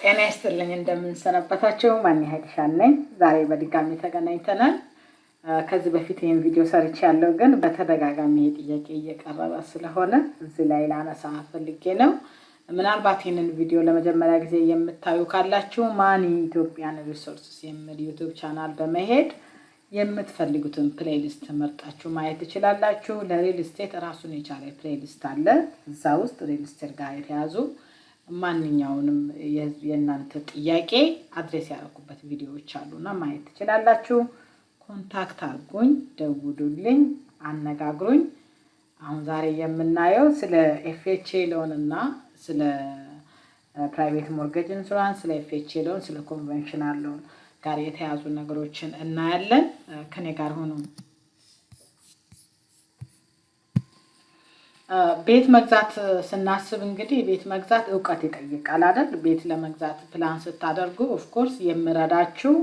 ጤና ይስጥልኝ። እንደምንሰነበታቸው ማን ሀይሻን ነኝ። ዛሬ በድጋሚ ተገናኝተናል። ከዚህ በፊት ይህን ቪዲዮ ሰርች ያለው ግን በተደጋጋሚ ጥያቄ እየቀረበ ስለሆነ እዚህ ላይ ላነሳ ፈልጌ ነው። ምናልባት ይህንን ቪዲዮ ለመጀመሪያ ጊዜ የምታዩ ካላችሁ ማን ኢትዮጵያን ሪሶርስስ የሚል ዩቱብ ቻናል በመሄድ የምትፈልጉትን ፕሌሊስት መርጣችሁ ማየት ትችላላችሁ። ለሪል ስቴት ራሱን የቻለ ፕሌሊስት አለ። እዛ ውስጥ ሪል ስቴት ጋር የተያዙ ማንኛውንም የእናንተ ጥያቄ አድሬስ ያደረኩበት ቪዲዮዎች አሉና ማየት ትችላላችሁ። ኮንታክት አርጉኝ፣ ደውሉልኝ፣ አነጋግሩኝ። አሁን ዛሬ የምናየው ስለ ኤፍኤችኤ ሎንና ስለ ፕራይቬት ሞርጌጅ ኢንሹራንስ፣ ስለ ኤፍኤችኤ ሎን፣ ስለ ኮንቨንሽናል ሎን ጋር የተያዙ ነገሮችን እናያለን። ከኔ ጋር ሆኑ። ቤት መግዛት ስናስብ እንግዲህ ቤት መግዛት እውቀት ይጠይቃል አይደል? ቤት ለመግዛት ፕላን ስታደርጉ ኦፍኮርስ የምረዳችው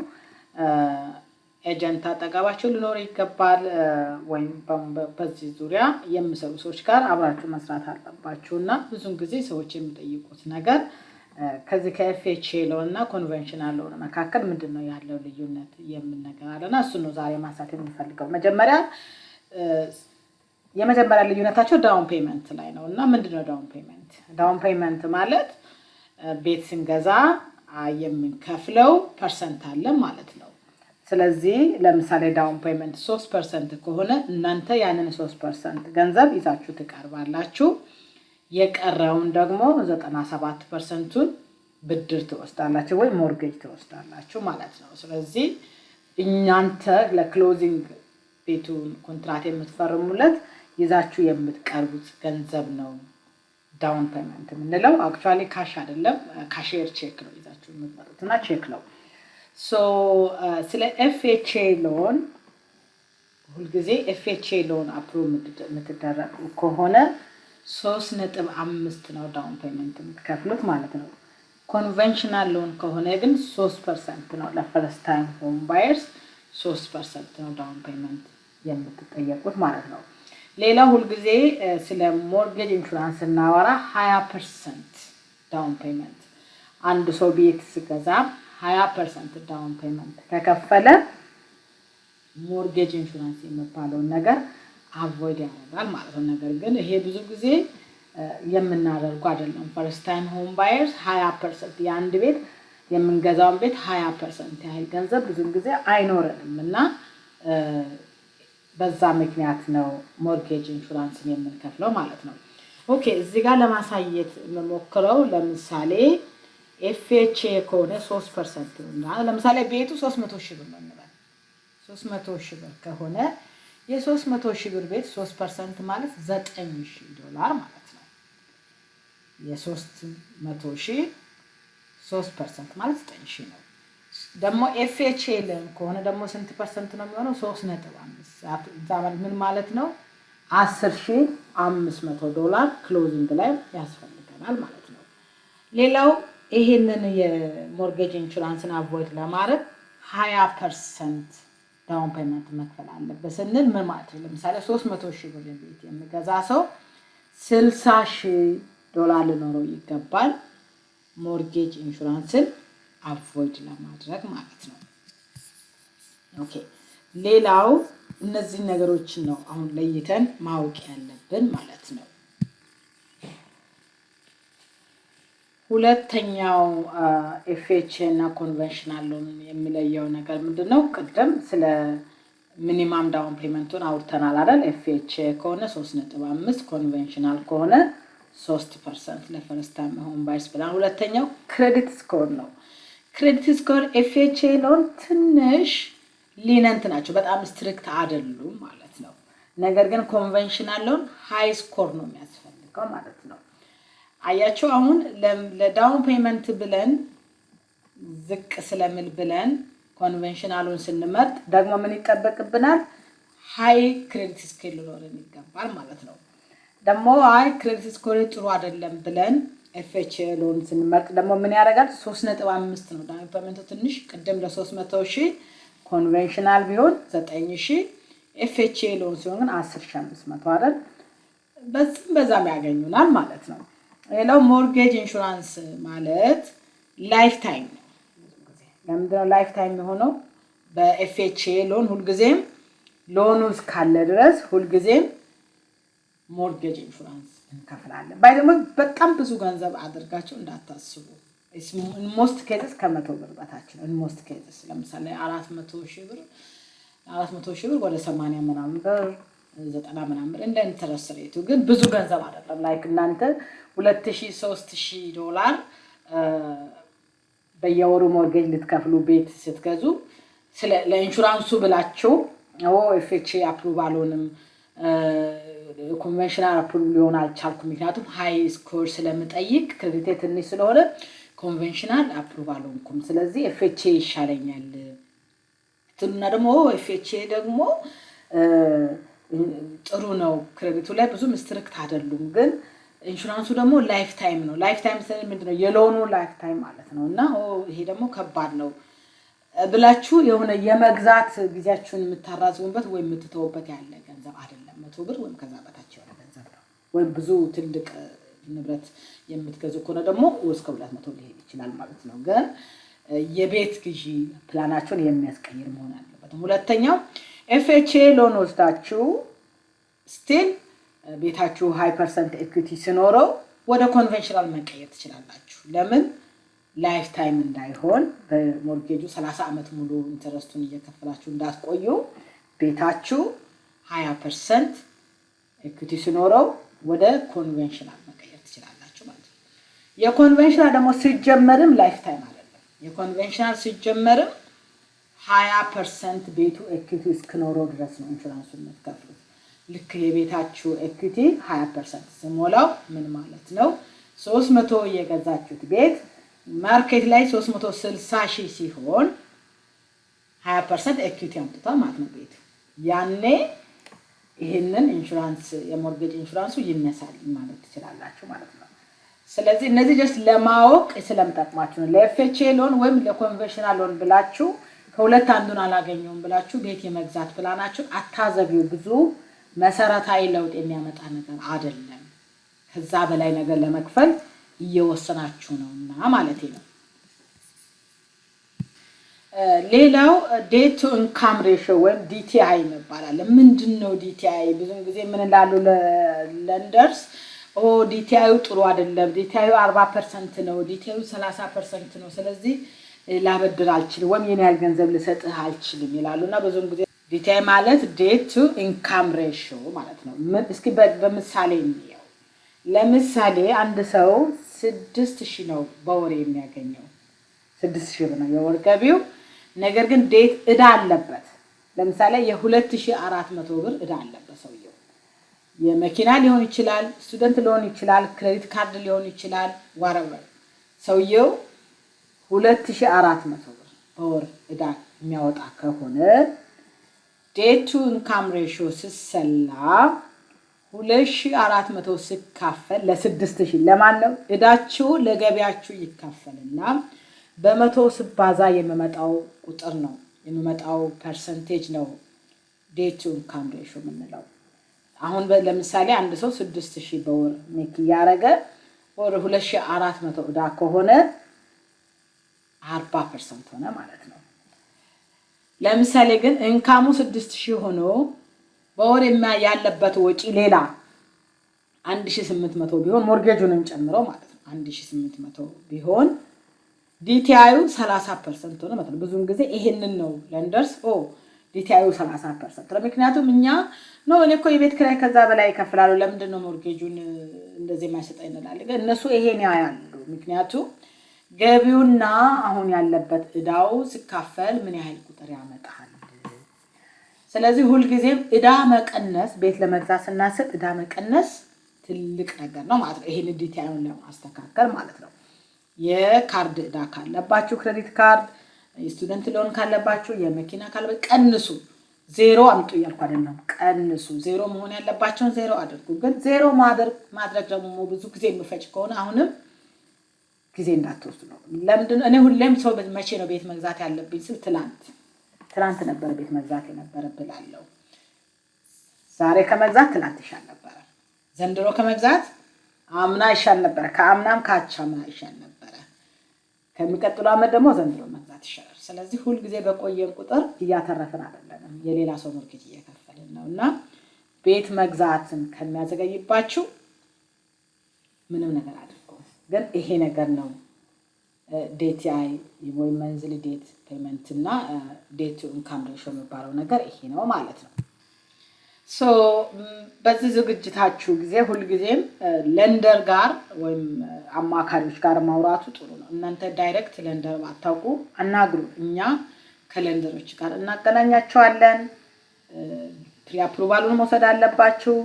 ኤጀንት አጠገባችሁ ሊኖር ይገባል፣ ወይም በዚህ ዙሪያ የምሰሩ ሰዎች ጋር አብራችሁ መስራት አለባችሁ እና ብዙን ጊዜ ሰዎች የሚጠይቁት ነገር ከዚህ ከኤፍኤችኤ ሎን እና ኮንቨንሽናል ሎን መካከል ምንድን ነው ያለው ልዩነት የሚል ነገር አለና እሱን ነው ዛሬ ማንሳት የምንፈልገው መጀመሪያ የመጀመሪያ ልዩነታቸው ዳውን ፔመንት ላይ ነው እና ምንድነው ነው ዳውን ፔመንት? ዳውን ፔመንት ማለት ቤት ስንገዛ የምንከፍለው ፐርሰንት አለ ማለት ነው። ስለዚህ ለምሳሌ ዳውን ፔመንት ሶስት ፐርሰንት ከሆነ እናንተ ያንን ሶስት ፐርሰንት ገንዘብ ይዛችሁ ትቀርባላችሁ። የቀረውን ደግሞ ዘጠና ሰባት ፐርሰንቱን ብድር ትወስዳላችሁ ወይ ሞርጌጅ ትወስዳላችሁ ማለት ነው። ስለዚህ እናንተ ለክሎዚንግ ቤቱን ኮንትራት የምትፈርሙለት ይዛችሁ የምትቀርቡት ገንዘብ ነው። ዳውን ፔመንት የምንለው አክቹዋሊ ካሽ አይደለም፣ ካሽር ቼክ ነው ይዛችሁ የምትመጡት እና ቼክ ነው። ሶ ስለ ኤፍኤችኤ ሎን ሁልጊዜ ኤፍኤችኤ ሎን አፕሮ የምትደረጉ ከሆነ ሶስት ነጥብ አምስት ነው ዳውን ፔመንት የምትከፍሉት ማለት ነው። ኮንቨንሽናል ሎን ከሆነ ግን ሶስት ፐርሰንት ነው። ለፈረስት ታይም ሆም ባየርስ ሶስት ፐርሰንት ነው ዳውን ፔመንት የምትጠየቁት ማለት ነው። ሌላ ሁልጊዜ ስለ ሞርጌጅ ኢንሹራንስ ስናወራ ሀያ ፐርሰንት ዳውን ፔመንት አንድ ሰው ቤት ስገዛ ሀያ ፐርሰንት ዳውን ፔመንት ከከፈለ ሞርጌጅ ኢንሹራንስ የሚባለውን ነገር አቮይድ ያደርጋል ማለት ነው። ነገር ግን ይሄ ብዙ ጊዜ የምናደርጉ አይደለም። ፈርስት ታይም ሆም ባየርስ ሀያ ፐርሰንት የአንድ ቤት የምንገዛውን ቤት ሀያ ፐርሰንት ያህል ገንዘብ ብዙ ጊዜ አይኖረንም እና በዛ ምክንያት ነው ሞርጌጅ ኢንሹራንስን የምንከፍለው ማለት ነው። ኦኬ እዚህ ጋር ለማሳየት የምሞክረው ለምሳሌ ኤፍኤችኤ ከሆነ ሶስት ፐርሰንት ለምሳሌ ቤቱ ሶስት መቶ ሺህ ብር ነው እንበል። ሶስት መቶ ሺህ ብር ከሆነ የሶስት መቶ ሺህ ብር ቤት ሶስት ፐርሰንት ማለት ዘጠኝ ሺህ ዶላር ማለት ነው። የሶስት መቶ ሺህ ሶስት ፐርሰንት ማለት ዘጠኝ ሺህ ነው። ደግሞ ኤፍ ኤች ከሆነ ደግሞ ስንት ፐርሰንት ነው የሚሆነው? ሶስት ነጥብ አምስት ምን ማለት ነው? አስር ሺ አምስት መቶ ዶላር ክሎዚንግ ላይ ያስፈልገናል ማለት ነው። ሌላው ይሄንን የሞርጌጅ ኢንሹራንስን አቮይድ ለማድረግ ሀያ ፐርሰንት ዳውን ፔመንት መክፈል አለበት ስንል ምን ማለት ነው? ለምሳሌ ሶስት መቶ ሺ ብር ቤት የሚገዛ ሰው ስልሳ ሺ ዶላር ሊኖረው ይገባል ሞርጌጅ ኢንሹራንስን አቮይድ ለማድረግ ማለት ነው። ኦኬ ሌላው እነዚህ ነገሮችን ነው አሁን ለይተን ማወቅ ያለብን ማለት ነው። ሁለተኛው ኤፍኤች እና ኮንቨንሽናል ሎን የሚለየው ነገር ምንድን ነው? ቅድም ስለ ሚኒማም ዳውን ፔመንቱን አውርተናል አይደል? ኤፍኤች ከሆነ ሶስት ነጥብ አምስት ኮንቨንሽናል ከሆነ ሶስት ፐርሰንት ለፈርስት ታይም ሆም ባይስ ብላል። ሁለተኛው ክሬዲት ስኮር ነው። ክሬዲት ስኮር ኤፍ ኤች ኤ ሎን ትንሽ ሊነንት ናቸው፣ በጣም ስትሪክት አይደሉም ማለት ነው። ነገር ግን ኮንቨንሽናል ሎን ሃይ ስኮር ነው የሚያስፈልገው ማለት ነው። አያቸው አሁን ለዳውን ፔመንት ብለን ዝቅ ስለምል ብለን ኮንቨንሽናሉን ስንመርጥ ደግሞ ምን ይጠበቅብናል? ሀይ ክሬዲት ስኬል ሊኖረን ይገባል ማለት ነው። ደግሞ አይ ክሬዲት ስኮር ጥሩ አይደለም ብለን ኤፍኤችኤሉን ስንመርጥ ደግሞ ምን ያደርጋል? ሶስት ነጥብ አምስት ነው ዳሚ ፐርመንቱ ትንሽ ቅድም ለሶስት መቶ ሺህ ኮንቬንሽናል ቢሆን ዘጠኝ ሺህ ኤፍኤችኤሉን ሲሆን ግን አስር ሺህ አምስት መቶ አይደል? በዚህም በዛም ያገኙናል ማለት ነው። ሌላው ሞርጌጅ ኢንሹራንስ ማለት ላይፍ ታይም ነው። ለምንድነው ላይፍ ታይም የሆነው? በኤፍኤችኤ ሎን ሁልጊዜም ሎኑ እስካለ ድረስ ሁልጊዜም ሞርጌጅ ኢንሹራንስ እንከፍላለን። ባይ ደግሞ በጣም ብዙ ገንዘብ አድርጋቸው እንዳታስቡ። ሞስት ኬዝስ ከመቶ ብር በታች ነው። ሞስት ኬዝስ ለምሳሌ አራት መቶ ሺህ ብር አራት መቶ ሺህ ብር ወደ ሰማንያ ምናምን ብር ዘጠና ምናምን ብር እንደ ኢንተረስት ሬቱ ግን ብዙ ገንዘብ አይደለም። ላይክ እናንተ ሁለት ሺህ ሶስት ሺህ ዶላር በየወሩ ሞርጌጅ ልትከፍሉ ቤት ስትገዙ ለኢንሹራንሱ ብላችሁ ኦኤፍኤች አፕሩቭ አልሆንም ኮንቨንሽናል አፕሩቭ ሊሆን አልቻልኩም። ምክንያቱም ሀይ ስኮር ስለምጠይቅ ክሬዲቴ ትንሽ ስለሆነ ኮንቨንሽናል አፕሩቭ አልሆንኩም። ስለዚህ ኤፍቼ ይሻለኛል ትሉና ደግሞ ኤፍቼ ደግሞ ጥሩ ነው። ክሬዲቱ ላይ ብዙም ስትሪክት አይደሉም። ግን ኢንሹራንሱ ደግሞ ላይፍ ታይም ነው። ላይፍ ታይም ስንል ምንድን ነው? የሎኑ ላይፍ ታይም ማለት ነው። እና ይሄ ደግሞ ከባድ ነው ብላችሁ የሆነ የመግዛት ጊዜያችሁን የምታራዝሙበት ወይም የምትተውበት ያለ ገንዘብ አይደለም። መቶ ብር ወይም ከዛ በታች የሆነ ገንዘብ ነው። ወይም ብዙ ትልቅ ንብረት የምትገዙ ከሆነ ደግሞ እስከ ሁለት መቶ ሊሄድ ይችላል ማለት ነው። ግን የቤት ግዢ ፕላናቸውን የሚያስቀይር መሆን አለበት። ሁለተኛው ኤፍኤችኤ ሎን ወስዳችሁ ስቲል ቤታችሁ ሀይ ፐርሰንት ኤኩቲ ሲኖረው ወደ ኮንቨንሽናል መቀየር ትችላላችሁ። ለምን ላይፍ ታይም እንዳይሆን በሞርጌጁ ሰላሳ ዓመት ሙሉ ኢንተረስቱን እየከፈላችሁ እንዳትቆዩ ቤታችሁ ሀያ ፐርሰንት ኢኩቲ ሲኖረው ወደ ኮንቬንሽናል መቀየር ትችላላችሁ ማለት ነው። የኮንቬንሽናል ደግሞ ሲጀመርም ላይፍ ታይም አይደለም። የኮንቬንሽናል ሲጀመርም ሀያ ፐርሰንት ቤቱ ኢኩቲ እስክኖረው ድረስ ነው ኢንሹራንሱ የምትከፍሉት። ልክ የቤታችሁ ኢኩቲ ሀያ ፐርሰንት ስሞላው ምን ማለት ነው? ሶስት መቶ የገዛችሁት ቤት ማርኬት ላይ 360 ሺህ ሲሆን 20 ፐርሰንት ኢኩቲ አምጥቷል ማለት ነው ቤቱ ያኔ ይህንን ኢንሹራንስ የሞርጌጅ ኢንሹራንሱ ይነሳል ማለት ትችላላችሁ ማለት ነው። ስለዚህ እነዚህ ጀስት ለማወቅ ስለምጠቅማችሁ ነው። ለኤፍኤችኤ ሎን ወይም ለኮንቨንሽናል ሎን ብላችሁ ከሁለት አንዱን አላገኘውም ብላችሁ ቤት የመግዛት ፕላናችሁን አታዘቢው። ብዙ መሰረታዊ ለውጥ የሚያመጣ ነገር አይደለም። ከዛ በላይ ነገር ለመክፈል እየወሰናችሁ ነው እና ማለት ነው። ሌላው ዴት ቱ ኢንካም ሬሾ ወይም ዲቲአይ ይባላል። ምንድን ነው ዲቲአይ? ብዙን ጊዜ ምን ላሉ ለንደርስ ኦ ዲቲአዩ ጥሩ አይደለም፣ ዲቲአዩ አርባ ፐርሰንት ነው፣ ዲቲአዩ ሰላሳ ፐርሰንት ነው፣ ስለዚህ ላበድር አልችልም ወይም የኔ ያህል ገንዘብ ልሰጥህ አልችልም ይላሉ እና ብዙን ጊዜ ዲቲአይ ማለት ዴት ቱ ኢንካም ሬሾ ማለት ነው። እስኪ በምሳሌ እንየው። ለምሳሌ አንድ ሰው ስድስት ሺህ ነው በወር የሚያገኘው፣ ስድስት ሺህ ነው የወር ገቢው ነገር ግን ዴት እዳ አለበት። ለምሳሌ የ2400 ብር እዳ አለበት ሰውየው። የመኪና ሊሆን ይችላል፣ ስቱደንት ሊሆን ይችላል፣ ክሬዲት ካርድ ሊሆን ይችላል። ዋረወር ሰውየው 2400 ብር በወር እዳ የሚያወጣ ከሆነ ዴቱ ኢንካም ሬሽዮ ስሰላ 2400 ሲካፈል ለ6000 ለማን ነው? እዳችሁ ለገቢያችሁ ይካፈልና በመቶ ስባዛ የሚመጣው ቁጥር ነው የሚመጣው ፐርሰንቴጅ ነው ዴቱ ኢንካም ሬሾ የምንለው። አሁን ለምሳሌ አንድ ሰው ስድስት ሺህ በወር ሜክ እያደረገ ወር ሁለት ሺህ አራት መቶ እዳ ከሆነ አርባ ፐርሰንት ሆነ ማለት ነው። ለምሳሌ ግን እንካሙ ስድስት ሺህ ሆኖ በወር ያለበት ወጪ ሌላ አንድ ሺህ ስምንት መቶ ቢሆን ሞርጌጁንም ጨምሮ ማለት ነው አንድ ሺህ ስምንት መቶ ቢሆን ዲቲአዩ 30 ፐርሰንት ሆነ ማለት ብዙውን ጊዜ ይሄንን ነው ለንደርስ ኦ ዲቲአዩ 30 ፐርሰንት ነው። ምክንያቱም እኛ ነው እኔ እኮ የቤት ክራይ ከዛ በላይ ይከፍላሉ፣ ለምንድን ነው ሞርጌጁን እንደዚህ የማይሰጠ ይንላል። ግን እነሱ ይሄን ያያሉ። ምክንያቱም ገቢውና አሁን ያለበት እዳው ሲካፈል ምን ያህል ቁጥር ያመጣል። ስለዚህ ሁልጊዜም እዳ መቀነስ ቤት ለመግዛት ስናስብ እዳ መቀነስ ትልቅ ነገር ነው ማለት ነው። ይሄን ዲቲአዩን ለማስተካከል ማለት ነው። የካርድ ዕዳ ካለባችሁ ክሬዲት ካርድ፣ የስቱደንት ሎን ካለባችሁ፣ የመኪና ካለ ቀንሱ። ዜሮ አምጡ እያልኩ አይደለም። ቀንሱ። ዜሮ መሆን ያለባቸውን ዜሮ አድርጉ። ግን ዜሮ ማድረግ ደግሞ ብዙ ጊዜ የምፈጭ ከሆነ አሁንም ጊዜ እንዳትወስዱ ነው። ለምንድን እኔ ሁሌም ሰው መቼ ነው ቤት መግዛት ያለብኝ ስል ትላንት ትላንት ነበረ ቤት መግዛት የነበረ ብላለሁ። ዛሬ ከመግዛት ትላንት ይሻል ነበረ። ዘንድሮ ከመግዛት አምና ይሻል ነበረ። ከአምናም ካቻምና ይሻል ነበር። ከሚቀጥሉ ዓመት ደግሞ ዘንድሮ መግዛት ይሻላል። ስለዚህ ሁልጊዜ በቆየን ቁጥር እያተረፍን አይደለንም፣ የሌላ ሰው ሞርጌጅ እየከፈልን ነው እና ቤት መግዛትን ከሚያዘገይባችሁ ምንም ነገር አድርጎ ግን ይሄ ነገር ነው ዴቲአይ ወይም መንዝል ዴት ፔመንት እና ዴት ኢንካም ሬሾ የሚባለው ነገር ይሄ ነው ማለት ነው። በዚህ ዝግጅታችሁ ጊዜ ሁልጊዜም ለንደር ጋር ወይም አማካሪዎች ጋር ማውራቱ ጥሩ ነው። እናንተ ዳይሬክት ለንደር ባታውቁ አናግሩ፣ እኛ ከለንደሮች ጋር እናገናኛቸዋለን። ፕሪ አፕሩቫሉን መውሰድ አለባችሁ።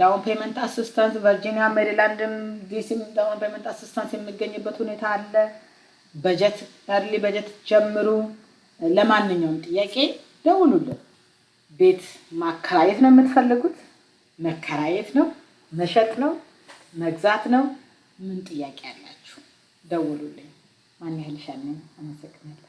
ዳውን ፔመንት አሲስታንስ ቨርጂኒያ፣ ሜሪላንድም ዲሲም ዳውን ፔመንት አሲስታንስ የሚገኝበት ሁኔታ አለ። በጀት፣ ርሊ በጀት ጀምሩ። ለማንኛውም ጥያቄ ደውሉልን። ቤት ማከራየት ነው የምትፈልጉት? መከራየት ነው? መሸጥ ነው? መግዛት ነው? ምን ጥያቄ አላችሁ? ደውሉልኝ። ማን ያህል አመሰግናለሁ።